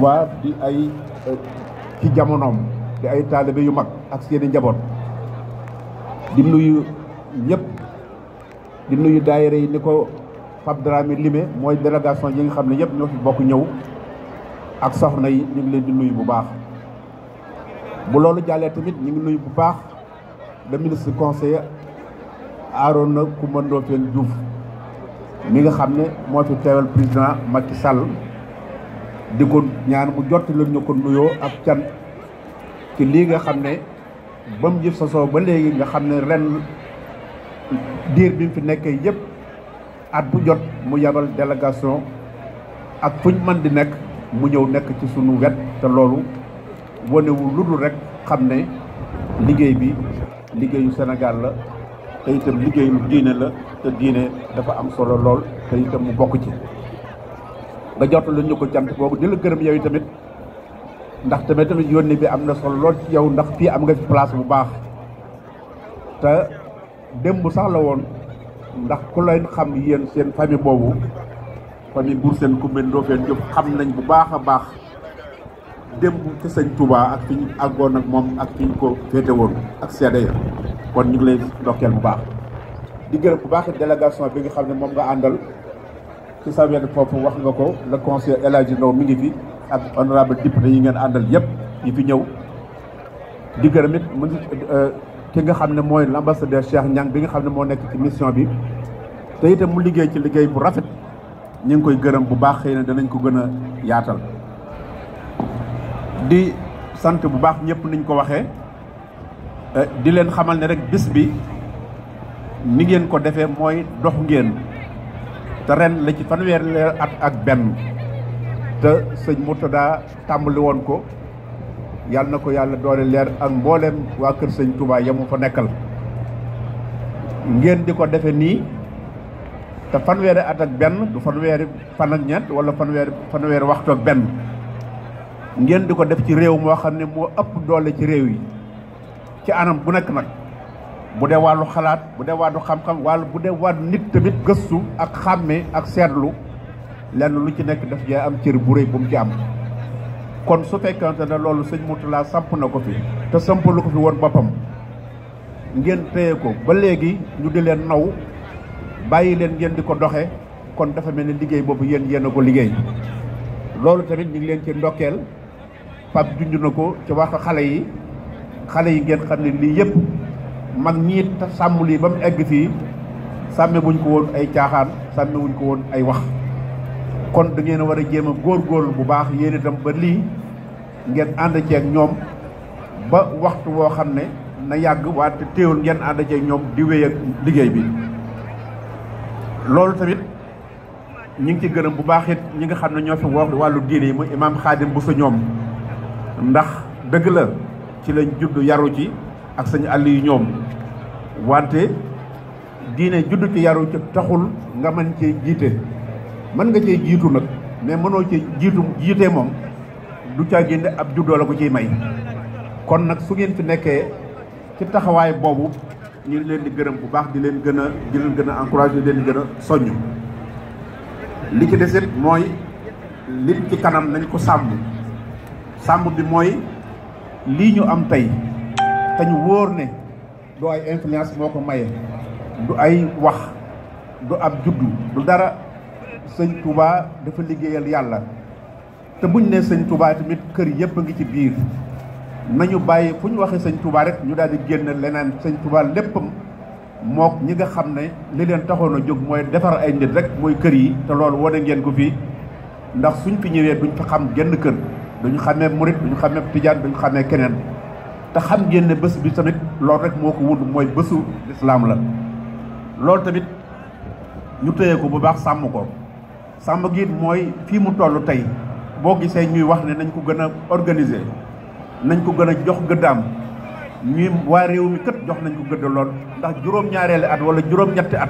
waa di ay eh, ci jamonoom di ay taalibe yu mag ak seeni njaboot di nuyu ñëpp di nuyu daayira yi ni ko Pape Dramé limé mooy délégation yi nga xam ne ñëpp ñoo fi bokk ñëw ak soxna yi ñu ngi leen di nuyu bu baax bu loolu jàllee tamit ñu ngi nuyu bu baax le ministre conseiller Arona Coumba Ndoffène Diouf mi nga xam ne moo fi teewal président Macky Sall di ñaan mu jot lañ ñu ko nuyoo ab can ci lii nga xam ne ba mu jëf sosoo ba léegi nga xam ne ren diir bi mu fi nekkee yëpp at bu jot mu yabal délégation ak fuñ man di nekk mu ñëw nekk ci sunu wet te loolu wanewul lu dul rek xam ne liggéey bi liggéeyu senegal la te itam liggéeyu diine la te diine dafa am solo lool te itam mu bokk ci nga jotal lu ñu ko cant boobu di la gërëm yow tamit ndax tamit tamit yónni bi am na solo lool yow ndax fii am nga fi place bu baax te démb sax la woon ndax ku leen xam yéen seen famille boobu famille Buur Seen Kumbe Ndoofeen Jóob xam nañ bu baax a baax démb bu sëñ Touba ak fi ñu moom ak fi ko féete ak seede ya kon ñu ngi lay ndokkeel bu baax di gërëm bu baax délégation bi nga xam ne moom nga àndal ci sa wenn foofu wax nga ko le conseil El Hadji mu ngi fi ak honorable député yi ngeen àndal yëpp yi fi ñëw di gërëm it euh, ki nga xam ne mooy l' ambassadeur Cheikh Niang bi nga xam ne moo nekk ci mission bi te itam mu liggéey ci liggéey bu rafet ñu ngi koy gërëm bu baax xëy na danañ ko gën a yaatal di sant bu baax ñëpp niñ ko waxee euh, di leen xamal ne rek bis bi ni ngeen ko defee mooy dox ngeen teren ren la ci fanweer leer at ak ben te seigne Murtada tàmbali won ko yalla nako yalla yàlla doole leer ak mbollem wa keur seigne Touba yamu fa nekkal ngeen diko defé ni nii te at ak ben du fanweeri fan ak ñet wala fanweeri fanweeri waxtu ak ben ngeen diko def ci rew mo xamne mo ëpp doole ci rew yi ci anam bu nak nak bu walu khalat xalaat bu dee xam-xam walu bu walu nit tamit ak xamé ak sétlu lenn lu ci nekk daf am ciir bu reuy bu mu ci am kon su fekkante na loolu sëñ Moutala samp na ko fi te lu ko fi won bopam ngeen teye ko ba léegi ñu di leen naw bàyyi leen ngeen di ko kon dafa mel ni liggéey boobu yéen yéen a ko liggéey loolu tamit ñu ngi leen ci ndokkeel pap junj na ko ci wax xale yi xale yi ngeen xam ne lii mag ni ta samuli bam egg fi samé buñ ko won ay caaxaan samé wuñ ko won ay wax kon da ngeen wara jema gor gor bu baax yene tam ba li ngeen ci ak ñom ba waxtu woo xam na yagg wante teewul ngeen ci ak ñom di wéy ak liggéey bi lolou tamit ñi ngi ci gëreem bu baax it ñi nga xam ne ñoo fi wax walu diine mu imam khadim bu fa ñom ndax deug la ci lañ judd yaru ci ak sëñ àll yu ñoom wante diine judd ci yaru ci taxul nga mën cee jiite mën nga cee jiitu nag mais mënoo ci jiitu jiitee moom du caa génne ab juddoo la ko ciy may kon nag su ngeen fi nekkee ci taxawaay boobu ñu leen di gërëm bu baax di leen gën a di a encouragé di leen gën soññ li ci desit mooy lim ci kanam nañ ko sàmm sàmb bi mooy lii ñu am tey te ñu wóor ne du ay influence moo ko maye du ay wax du ab juddu du dara sëñ Touba dafa liggéeyal yàlla te buñ ne sëñ Touba tamit kër yëpp a ngi ci biir nañu bàyyi fu ñu waxee sëñ Touba rek ñu daal di génn leneen sëñ Touba léppam mook ñi nga xam ne li leen taxoon a jóg mooy defar ay nit rek mooy kër yi te loolu wane ngeen ko fii ndax suñ fi ñëwee duñ fa xam genn kër duñ xamee murit duñ xamee tijaan duñ xamee keneen te xam ngeen ne bés bi tamit loolu rek moo ko wund mooy bésu lislaam la loolu tamit ñu téye ko bu baax sàmm ko sàmm gi mooy fii mu toll tey boo gisee ñuy wax ne nañ ko gën a organiser nañ ko gën a jox gëddaam ñuy waa réew mi kët jox nañ ko gëdd lool ndax juróom-ñaareeli at wala juróom-ñetti at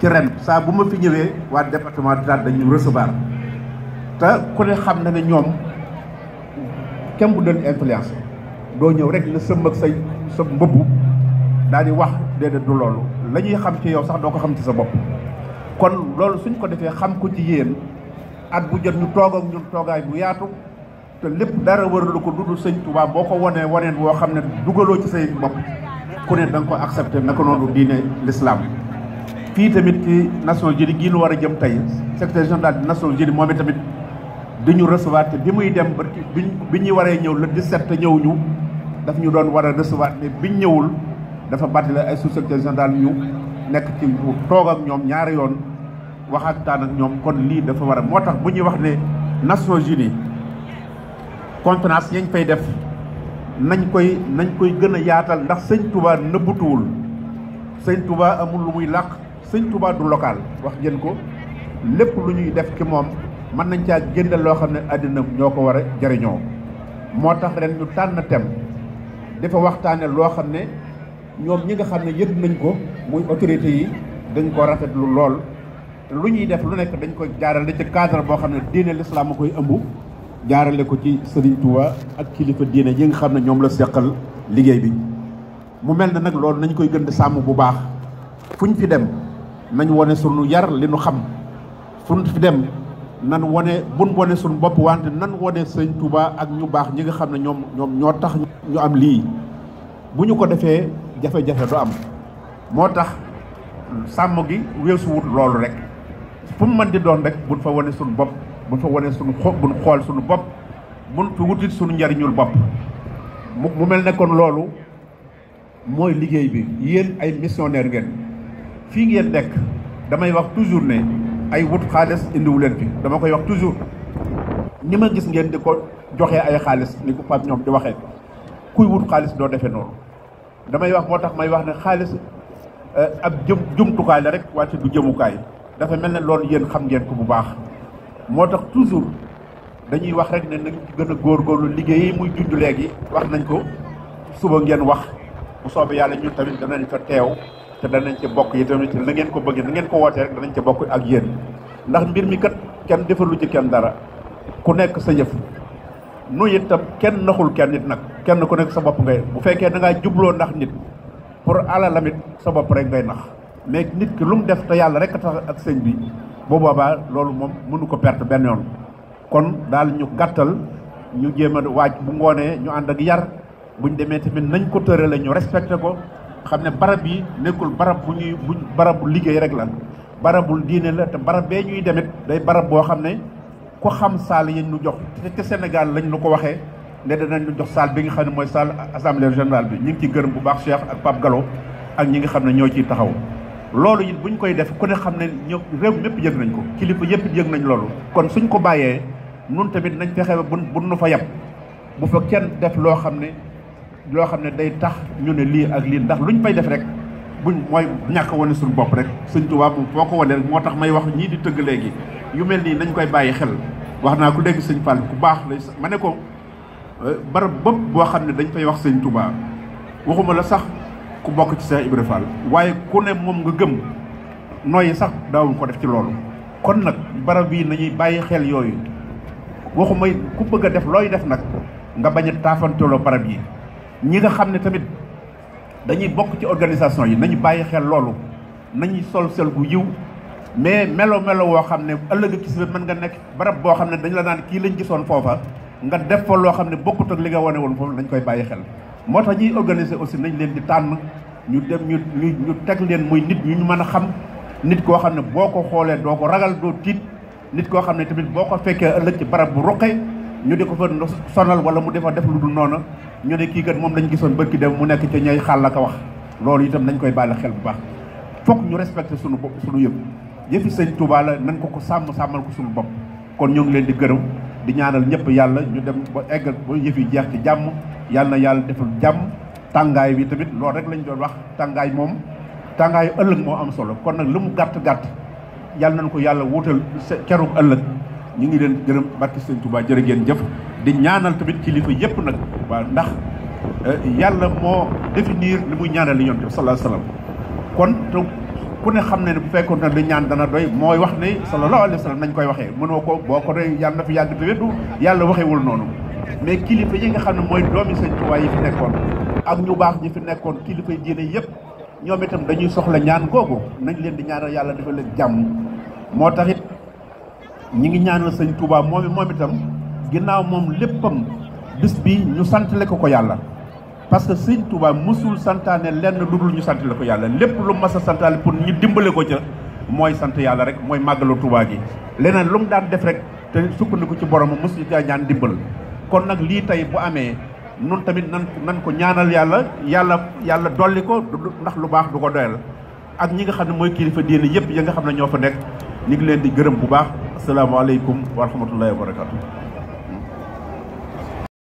ci ren saa bu ma fi ñëwee waa département de Ndar dañu recevoir te ku ne xam na ne ñoom kenn bu doon influence doo ñëw rek la sëmm ak say sa mbëbbu daal di wax déedéet du loolu la ñuy xam ci yow sax doo ko xam ci sa bopp kon loolu suñ ko defee xam ko ci yéen at bu jot ñu toog ak ñun toogaay bu yaatu te lépp dara waralu ko dudd sëñ tubaab boo ko wonee waneen woo xam ne dugaloo ci say bopp ku ne da nga ko accepté naka noonu diine l'islam fii tamit ci Nations Unies gii nu war a jëm tey secrétaire général di Nations Unies moom tamit di ñu recevoir te bi dem ba bi bi ñuy waree ñëw le 17 te daf ñu doon war a recevoir mais biñ ñëwul dafa bàttale ay sous-secrétaire général ñu nekk ci bu toog ak ñoom ñaari yoon wax ak ñoom kon lii dafa war a moo tax bu ñuy wax ne Nations Unies conférence yañ fay def nañ koy nañ koy gën a yaatal ndax sëñ Touba nëbbutuwul sëñ tubaa amul lu muy làq sëñ Touba du local wax jën ko lépp lu ñuy def ki moom mën nañ caa génne loo xam ne àddina ñoo ko war jariñoo moo tax ren ñu tànn thème dafa waxtaane loo xam ne ñoom ñi nga xam ne yëg nañ ko muy autorité yi dañ ko rafetlu lool te lu ñuy def lu nekk dañ koy jaarale ci cadre boo xam ne diine lislaam a koy ëmb jaarale ko ci Serigne Touba ak kilifa diine yi nga xam ne ñoom la seqal liggéey bi mu mel ne nag loolu nañ koy gën sàmm bu baax fuñ fi dem nañ wone sunu yar li nu xam fuñ fi dem nan wane buñ wane suñu bopp wante nan wane sëñ tubaa ak ñu baax ñi nga xam ne ñoom ñoom ñoo tax ñu am lii bu ñu ko defee jafe-jafe du am moo tax sàmm gi weesuwut loolu rek fu mu mën di doon rek buñ fa wane suñu bopp buñ fa wane suñu xo xool suñu bopp buñ fi wutit suñu njariñul bopp mu mel ne kon loolu mooy liggéey bi yéen ay missionnaire ngeen fii ngeen nekk damay wax toujours ne ay wut xaalis indiwu leen fi dama koy wax toujours ni ma gis ngeen di ko joxe ay xaalis ni ko Pape ñoom di waxee kuy wut xaalis doo defee noonu damay wax moo tax may wax ne xaalis eh, ab jëm jumtukaay la rek wàcce du jëmukaay dafa mel ne loolu yéen xam ngeen ko bu baax moo tax toujours dañuy wax rek ne nañ gën a góor góorgóorlu liggéey muy judd léegi wax nañ ko suba ngeen wax bu soobee yàlla ñun tamit danañ fa teew te danañ ci bokk yi tamit na ngeen ko bëggee na ngeen ko wootee rek danañ ci bokk ak yéen ndax mbir mi kat kenn defalu ci kenn dara ku nekk sa yëf nu itam kenn naxul kenn nit nag kenn ku nekk sa bopp ngay bu fekkee da ngaa jubloo ndax nit pour alalamit sa bopp rek ngay nax mais nit ki lu mu def te yàlla rek tax ak sëñ bi bu boobaa loolu moom mënu ko perte benn yoon kon daal ñu gàttal ñu jéem a waaj bu ngoonee ñu ànd ak yar bu ñu demee tamit nañ ko tërale ñu respecté ko xam ne barab yi nekkul barab bu ñuy bu barabu liggéey rek la barabul diine la te barab bee ñuy demit day barab boo xam ne ku xam saal yi ñu jox te Sénégal lañ lu ko waxee ne danañ ñu jox saal bi nga xam ne mooy saal assemblée générale bi ñu ngi ci gërëm bu baax Cheikh ak Pape Gallo ak ñi nga xam ne ñoo ciy taxaw loolu it buñ koy def ku ne xam ne ñoo réew mépp yëg nañ ko kilifa yëpp yëg nañ loolu kon suñ ko bàyyee nun tamit nañ fexe ba bu nu fa yem bu fa kenn def loo xam ne loo xam ne day tax ñu ne lii ak lii ndax luñ fay def rek buñ mooy ñàkk wane suñu bopp rek sëñ tubaab moom foo ko wane rek moo tax may wax ñii di tëgg léegi yu mel nii nañ koy bàyyi xel wax naa ku dégg sëñ Fall ku baax lay ma ne ko euh, barab bëpp boo xam ne dañ fay wax sëñ Tuubaa waxuma la sax ku bokk ci Cheikh Ibra Fall waaye ku ne moom nga gëm noyyi sax daawuñ ko def ci loolu kon nag barab bii nañuy bàyyi xel yooyu waxuma ku bëgg a def looy def nag nga bañ a taafanteeloo barab yi ñi nga xam ne tamit dañuy bokk ci organisation yi nañu bàyyi xel loolu nañuy sol sel gu yiw mais melo melow woo xam ne ëllëg ci si mën nga nekk barab boo xam ne dañu la naan kii lañ gisoon foofa nga def fa loo xam ne bokkut ak li nga wane woon foofu dañ koy bàyyi xel. moo tax ñuy organiser aussi nañ leen di tànn ñu dem ñu ñu ñu teg leen muy nit ñu ñu mën a xam nit koo xam ne boo ko xoolee doo ko ragal doo tiit nit koo xam ne tamit boo ko fekkee ci barab bu ruqe. ñu di ko fa sonal wala mu defa def lu dul noonu ñu ne kii gën moom lañu gisoon bërki dem mu nekk ci ñay xàll la ko wax loolu itam nañ koy bàyyi xel bu baax fokk ñu respecté sunu bopp sunu yëpp yëpp sëñ tubaala la nañ ko ko sàmm sàmmal ko sunu bopp kon ñoo ngi leen di gërëm di ñaanal ñëpp yàlla ñu dem ba eggal ba yëf yi jeex ci jàmm yàlla na yàlla deful jàmm tàngaay bi tamit loolu rek lañ doon wax tàngaay moom tàngaayu ëllëg moo am solo kon nag lu mu gàtt gàtt yàlla nañ ko yàlla wuutal cerug ëllëg ñu ngi leen gërëm barki sëñ Touba jërë ngeen jëf di ñaanal tamit kilifa yëpp nag waaw ndax eh, yàlla moo définir li muy ñaanal li yonent bi sallallahu alayhi wasallam kon ku ne xam ne ne bu fekkoon ne ñaan dana doy mooy wax ne sallallahu alayhi wasallam nañ koy waxee mënoo ko boo ko doy yàlla na fi yàgg te wéddu yàlla waxewul noonu mais kilifa yi nga xam ne mooy doomi sëñ Touba yi fi nekkoon ak ñu baax ñi fi nekkoon kilifa yi diine yëpp ñoom itam dañuy soxla ñaan googu nañ leen di ñaanal yàlla dafa leen jàmm moo tax ñi ngi ñaanal sëñ Touba moom moom itam ginnaaw moom lépp kon bis bi ñu santale ko ko yàlla parce que sëñ Touba mësul santaane lenn lu dul ñu santale ko yàlla lépp lu mas a santaane pour ñu dimbale ko ca mooy sant yàlla rek mooy màggalu Touba gi leneen lu mu daan def rek te sukkandiku ci borom mësul ja ñaan dimbal kon nag lii tey bu amee nun tamit nan nan ko ñaanal yàlla yàlla yàlla dolli ko ndax lu baax du ko doyal ak ñi nga xam ne mooy kilifa diine yëpp ya nga xam ne ñoo fa nekk ñu ngi leen di gërëm bu baax salaamaaleykum wa rahmatullahi wa barakatu